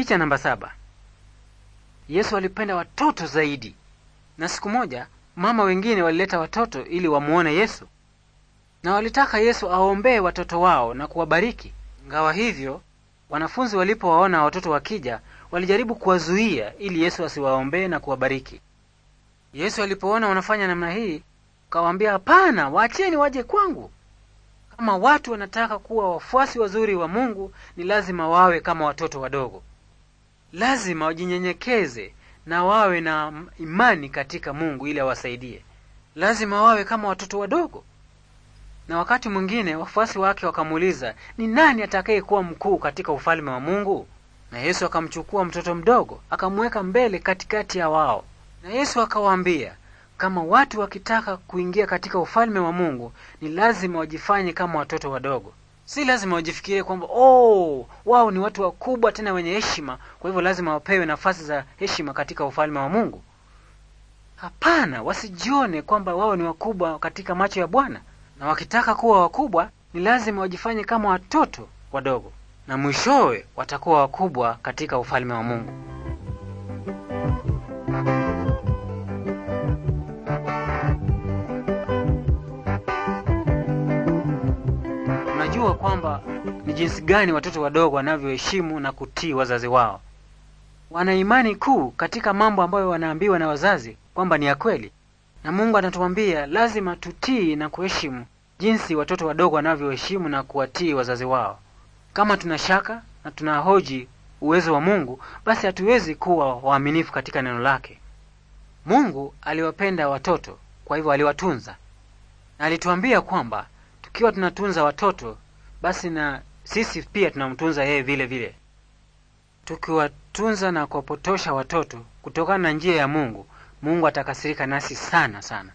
Picha namba saba. Yesu alipenda watoto zaidi, na siku moja mama wengine walileta watoto ili wamuone Yesu, na walitaka Yesu aombee watoto wao na kuwabariki. ngawa hivyo, wanafunzi walipowaona watoto wakija, walijaribu kuwazuia ili Yesu asiwaombee na kuwabariki. Yesu alipoona wanafanya namna hii, akawaambia, hapana, waacheni waje kwangu. Kama watu wanataka kuwa wafuasi wazuri wa Mungu, ni lazima wawe kama watoto wadogo lazima wajinyenyekeze na wawe na imani katika Mungu ili awasaidie. Lazima wawe kama watoto wadogo. Na wakati mwingine wafuasi wake wakamuuliza, ni nani atakayekuwa mkuu katika ufalme wa Mungu? Na Yesu akamchukua mtoto mdogo akamweka mbele katikati ya wao, na Yesu akawaambia, kama watu wakitaka kuingia katika ufalme wa Mungu ni lazima wajifanye kama watoto wadogo si lazima wajifikirie kwamba oh, wao ni watu wakubwa tena wenye heshima, kwa hivyo lazima wapewe nafasi za heshima katika ufalme wa Mungu. Hapana, wasijione kwamba wao ni wakubwa katika macho ya Bwana, na wakitaka kuwa wakubwa ni lazima wajifanye kama watoto wadogo, na mwishowe watakuwa wakubwa katika ufalme wa Mungu. tunajua kwamba ni jinsi gani watoto wadogo wanavyoheshimu na kutii wazazi wao. Wana imani kuu katika mambo ambayo wanaambiwa na wazazi kwamba ni ya kweli, na Mungu anatuambia lazima tutii na kuheshimu jinsi watoto wadogo wanavyoheshimu na kuwatii wazazi wao. Kama tuna shaka na tunahoji uwezo wa Mungu, basi hatuwezi kuwa waaminifu katika neno lake. Mungu aliwapenda watoto, kwa hivyo aliwatunza na alituambia kwamba tukiwa tunatunza watoto basi na sisi pia tunamtunza yeye vile vile. Tukiwatunza na kuwapotosha watoto kutokana na njia ya Mungu, Mungu atakasirika nasi sana sana.